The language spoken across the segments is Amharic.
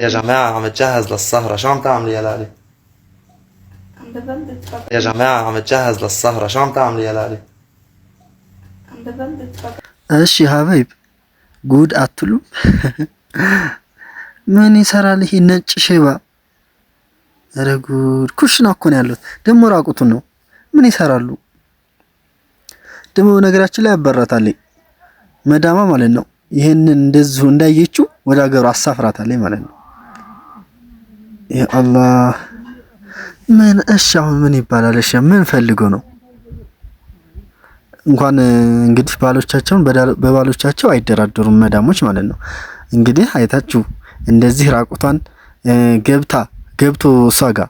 يا جماعة عم تجهز للسهرة شو عم تعملي يا لالي؟ عم ببلد يا جماعة عم تجهز للسهرة شو عم تعملي يا لالي؟ عم ببلد فقط እሺ ሀበይብ ጉድ አትሉም? ምን ይሰራል ይሄ ነጭ ሽባ? ኧረ ጉድ! ኩሽና እኮ ነው ያሉት፣ ደግሞ ራቁቱን ነው። ምን ይሰራሉ? ደግሞ ነገራችን ላይ ያበራታለኝ መዳማ ማለት ነው። ይህንን እንደዚሁ እንዳየችው ወደ ሀገሩ አሳፍራታለኝ ማለት ነው። የአላህ ምን እሺ፣ አሁን ምን ይባላል? እሺ ምን ፈልጎ ነው? እንኳን እንግዲህ ባሎቻቸውን በባሎቻቸው አይደራደሩም መዳሞች ማለት ነው። እንግዲህ አይታችሁ እንደዚህ ራቁቷን ገብታ ገብቶ እሷ ጋር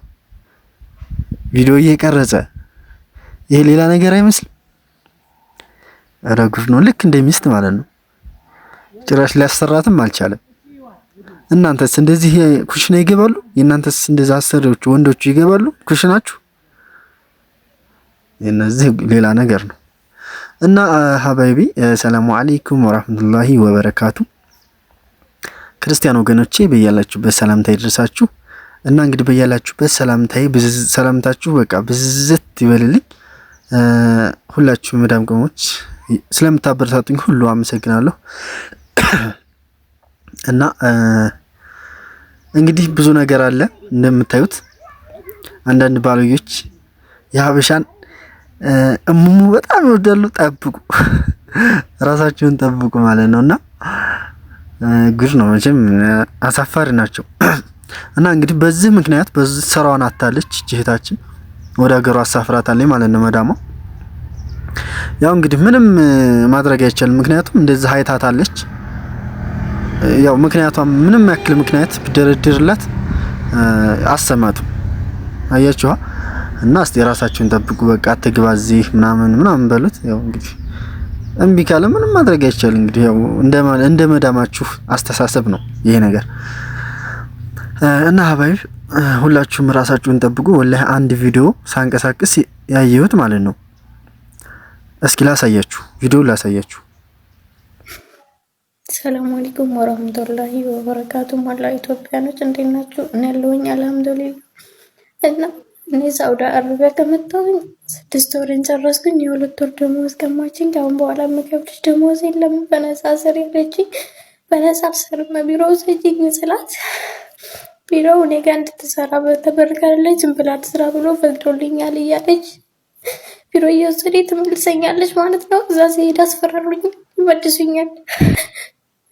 ቪዲዮ እየቀረጸ ይሄ ሌላ ነገር አይመስልም። ኧረ ነው። ልክ እንደ ሚስት ማለት ነው። ጭራሽ ሊያሰራትም አልቻለም። እናንተስ እንደዚህ ኩሽና ይገባሉ? የእናንተስ እንደዚህ አሰሪዎች ወንዶቹ ይገባሉ ኩሽናችሁ? እነዚህ ሌላ ነገር ነው። እና ሀባይቢ ሰላሙ አለይኩም ወራህመቱላሂ ወበረካቱ። ክርስቲያን ወገኖቼ በያላችሁበት ሰላምታ ይድረሳችሁ። እና እንግዲህ በያላችሁበት ሰላምታዬ ሰላምታችሁ በቃ ብዝት ይበልልኝ። ሁላችሁ መዳም ቆሞች ስለምታበረታቱኝ ሁሉ አመሰግናለሁ። እና እንግዲህ ብዙ ነገር አለ እንደምታዩት አንዳንድ ባልዮች የሀበሻን እሙሙ በጣም ይወዳሉ። ጠብቁ፣ ራሳችሁን ጠብቁ ማለት ነው እና ጉድ ነው መቼም አሳፋሪ ናቸው። እና እንግዲህ በዚህ ምክንያት በዚህ ስራዋን አታለች ጅህታችን ወደ ሀገሯ አሳፍራታለች ማለት ነው። መዳሟ ያው እንግዲህ ምንም ማድረግ አይቻልም፣ ምክንያቱም እንደዚህ አይታታለች። ያው ምክንያቷም ምንም ያክል ምክንያት ብደረድርላት አሰማትም። አያችኋ። እና እስቲ ራሳችሁን ጠብቁ፣ በቃ አትግባ እዚህ ምናምን ምናምን በሉት። ያው እንግዲህ እምቢ ካለ ምንም ማድረግ አይቻል። እንግዲህ ያው እንደ መዳማችሁ አስተሳሰብ ነው ይሄ ነገር እና ሀባይ ሁላችሁም ራሳችሁን ጠብቁ። ወላሂ አንድ ቪዲዮ ሳንቀሳቅስ ያየሁት ማለት ነው። እስኪ ላሳያችሁ፣ ቪዲዮ ላሳያችሁ ሰላም አለይኩም ወራህመቱላሂ ወበረካቱ ማላ ኢትዮጵያኖች እንዴት ናችሁ? እኔ ያለሁኝ አልሐምዱሊላ። እና እኔ ሳውዲ አረቢያ ከመጣሁኝ ስድስት ወርን ጨረስኩኝ። የሁለት ወር ደሞዝ ቀማችኝ። ከአሁን በኋላ የምከፍልሽ ደሞዝ የለም በነጻ ስር ያለችኝ በነጻ ሰርመ ቢሮ ውሰጂኝ ስላት ቢሮ እኔ ጋር እንድትሰራ በተበርጋለች ብላ ትስራ ብሎ ፈቅዶልኛል እያለች ቢሮ እየወሰደ ትመልሰኛለች ማለት ነው። እዛ ሲሄድ አስፈራሩኝ፣ ይመልሱኛል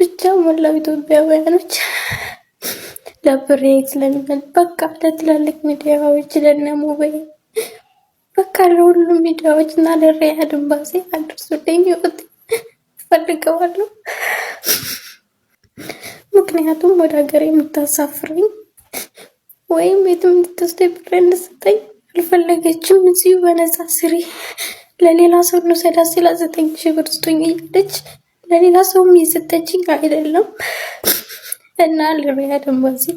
ብቻ ሞላው ኢትዮጵያውያኖች ለብሬክ ለሚል በቃ ለትላልቅ ሚዲያዎች ለነሙበይ በቃ ለሁሉም ሚዲያዎች እና ለሪያድ ኤምባሲ አድርሱልኝ ይወት ፈልገዋለሁ። ምክንያቱም ወደ ሀገር የምታሳፍረኝ ወይም የትም እንድትወስደኝ ብር እንድሰጠኝ አልፈለገችም። እዚሁ በነፃ ስሪ ለሌላ ሰው ነው ሰዳ ሲላ ዘጠኝ ሺህ ብር ስጡኝ እያለች ለሌላ ሰው የሚሰጠችኝ አይደለም እና ልሪያ ደግሞ እዚህ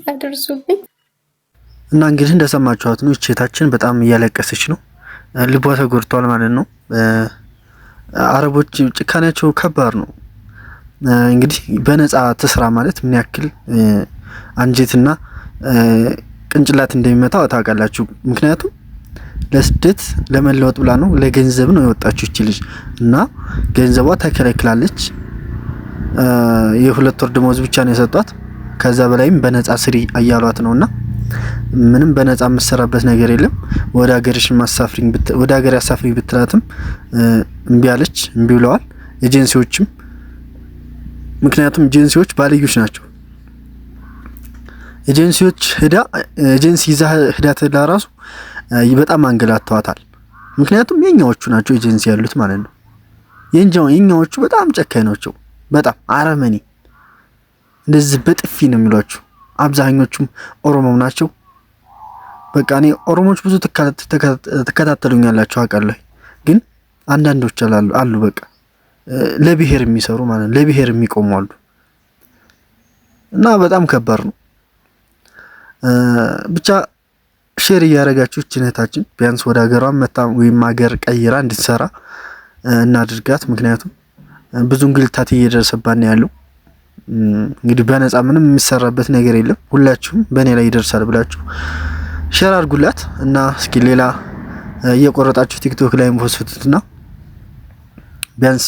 እና እንግዲህ እንደሰማችኋት ነው። እቼታችን በጣም እያለቀሰች ነው። ልቧ ተጎድቷል ማለት ነው። አረቦች ጭካኔያቸው ከባድ ነው። እንግዲህ በነፃ ትስራ ማለት ምን ያክል አንጀትና ቅንጭላት እንደሚመታው ታውቃላችሁ። ምክንያቱም ለስደት ለመለወጥ ብላ ነው፣ ለገንዘብ ነው የወጣችው እቺ ልጅ እና ገንዘቧ ተከለክላለች። የሁለት ወር ደሞዝ ብቻ ነው የሰጧት። ከዛ በላይም በነፃ ስሪ እያሏት ነውና ምንም በነፃ የምትሰራበት ነገር የለም። ወደ ሀገርሽ ማሳፍሪኝ ወደ ሀገር ያሳፍሪኝ ብትላትም እምቢ አለች። እምቢ ብለዋል ኤጀንሲዎችም። ምክንያቱም ኤጀንሲዎች ባልዮች ናቸው። ኤጀንሲዎች ሄዳ ኤጀንሲ ይዛ ሄዳ ራሱ በጣም አንገላተዋታል። ምክንያቱም የኛዎቹ ናቸው ኤጀንሲ ያሉት ማለት ነው። የኛዎቹ በጣም ጨካኝ ናቸው። በጣም አረመኔ እንደዚህ በጥፊ ነው የሚሏችሁ። አብዛኞቹም ኦሮሞም ናቸው። በቃ እኔ ኦሮሞች ብዙ ትከታተሉኛላችሁ አውቃለሁ፣ ግን አንዳንዶች አሉ በቃ ለብሔር የሚሰሩ ማለት ነው፣ ለብሔር የሚቆሙ አሉ። እና በጣም ከባድ ነው ብቻ ሼር እያደረጋችሁ እህታችን ቢያንስ ወደ ሀገሯ መታ ወይም ሀገር ቀይራ እንድትሰራ እናድርጋት። ምክንያቱም ብዙ እንግልታት እየደረሰባን ያለው እንግዲህ በነፃ ምንም የሚሰራበት ነገር የለም። ሁላችሁም በእኔ ላይ ይደርሳል ብላችሁ ሼር አድርጉላት እና እስኪ ሌላ እየቆረጣችሁ ቲክቶክ ላይ ፖስቱትና ቢያንስ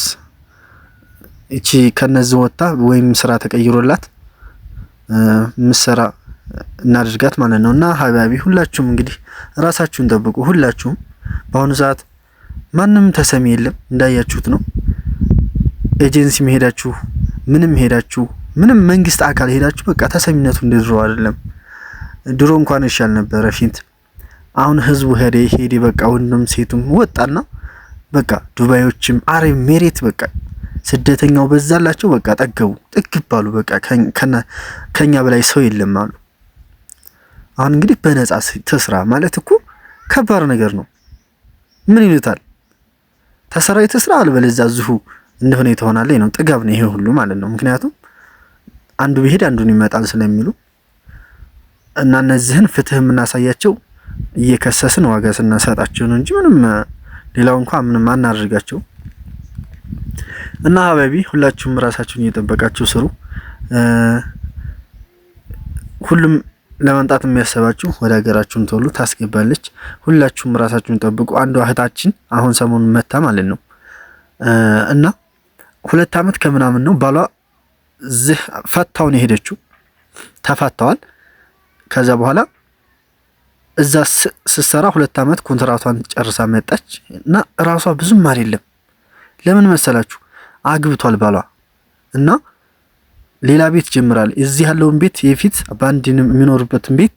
እቺ ከነዚህ ወጥታ ወይም ስራ ተቀይሮላት ምሰራ እናድርጋት ማለት ነው። እና ሀቢቢ ሁላችሁም እንግዲህ ራሳችሁን ጠብቁ። ሁላችሁም በአሁኑ ሰዓት ማንም ተሰሚ የለም እንዳያችሁት ነው። ኤጀንሲ መሄዳችሁ ምንም ሄዳችሁ ምንም መንግስት አካል ሄዳችሁ በቃ ተሰሚነቱ እንደ ድሮ አይደለም። ድሮ እንኳን ይሻል ነበረ ፊት አሁን ህዝቡ ሄደ ሄደ በቃ ወንድም ሴቱም ወጣና በቃ ዱባዮችም አረ ሜሬት በቃ ስደተኛው በዛላቸው በቃ ጠገቡ ጥግብ አሉ። በቃ ከኛ በላይ ሰው የለም አሉ። አሁን እንግዲህ በነፃ ትስራ ማለት እኮ ከባድ ነገር ነው። ምን ይሉታል? ተሰራዊ ትስራ አልበለዚያ እዚሁ እንደ ሁኔታ ነው። ጥጋብ ነው ይሄ ሁሉ ማለት ነው። ምክንያቱም አንዱ ቢሄድ አንዱን ይመጣል ስለሚሉ እና እነዚህን ፍትህ የምናሳያቸው እየከሰስን ዋጋ ስናሰጣቸው ነው እንጂ ምንም ሌላው እንኳን ምንም አናደርጋቸው እና ሀበቢ ሁላችሁም ራሳችሁን እየጠበቃችሁ ስሩ ሁሉም ለመምጣት የሚያሰባችሁ ወደ ሀገራችሁን ቶሎ ታስገባለች። ሁላችሁም ራሳችሁን ጠብቁ። አንዷ እህታችን አሁን ሰሞኑን መታ ማለት ነው እና ሁለት ዓመት ከምናምን ነው ባሏ ዝህ ፈታውን የሄደችው ተፈታዋል ከዛ በኋላ እዛ ስትሰራ ሁለት ዓመት ኮንትራቷን ጨርሳ መጣች እና ራሷ ብዙም አይደለም። ለምን መሰላችሁ? አግብቷል ባሏ እና ሌላ ቤት ጀምራል። እዚህ ያለውን ቤት የፊት በአንድ የሚኖርበትን ቤት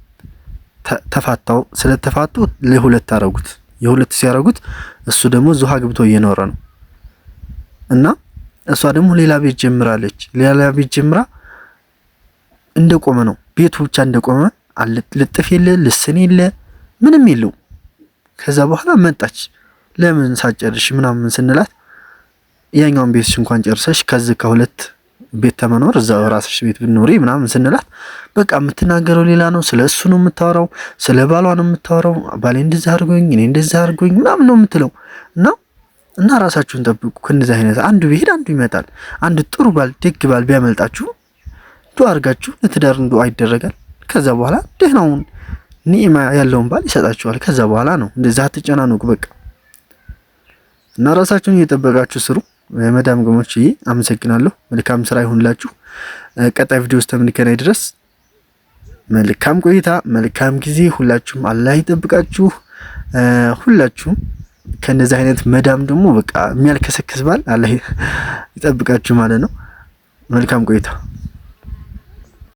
ተፋታው። ስለተፋቱ ለሁለት አረጉት። የሁለት ሲያረጉት እሱ ደግሞ ዙሃ ግብቶ እየኖረ ነው እና እሷ ደግሞ ሌላ ቤት ጀምራለች። ሌላ ቤት ጀምራ እንደቆመ ነው ቤቱ ብቻ እንደቆመ ልጥፍ የለ ልስን የለ ምንም የለው። ከዛ በኋላ መጣች። ለምን ሳጨርሽ ምናምን ስንላት ያኛውን ቤትሽ እንኳን ጨርሰሽ ከዚህ ከሁለት ቤት ተመኖር እዛው ራስሽ ቤት ብንኖሪ ምናምን ስንላት በቃ የምትናገረው ሌላ ነው። ስለ እሱ ነው የምታወራው፣ ስለ ባሏ ነው የምታወራው። ባሌ እንደዛ አድርጎኝ እኔ እንደዛ አድርጎኝ ምናምን ነው የምትለው እና እና ራሳችሁን ጠብቁ ከእንደዚህ አይነት አንዱ ቢሄድ አንዱ ይመጣል። አንድ ጥሩ ባል ደግ ባል ቢያመልጣችሁ ዱ አድርጋችሁ ለትዳር እንዱ ይደረጋል። ከዛ በኋላ ደህናውን ኒዕማ ያለውን ባል ይሰጣችኋል። ከዛ በኋላ ነው እንደዛ አትጨናነቁ በቃ እና ራሳችሁን እየጠበቃችሁ ስሩ። መዳም ግሞች ይ አመሰግናለሁ። መልካም ስራ ይሁንላችሁ። ቀጣይ ቪዲዮ ውስጥ ድረስ መልካም ቆይታ፣ መልካም ጊዜ። ሁላችሁም አላህ ይጠብቃችሁ። ሁላችሁም ከነዚህ አይነት መዳም ደግሞ በቃ የሚያልከሰክስ ባል አላህ ይጠብቃችሁ ማለት ነው። መልካም ቆይታ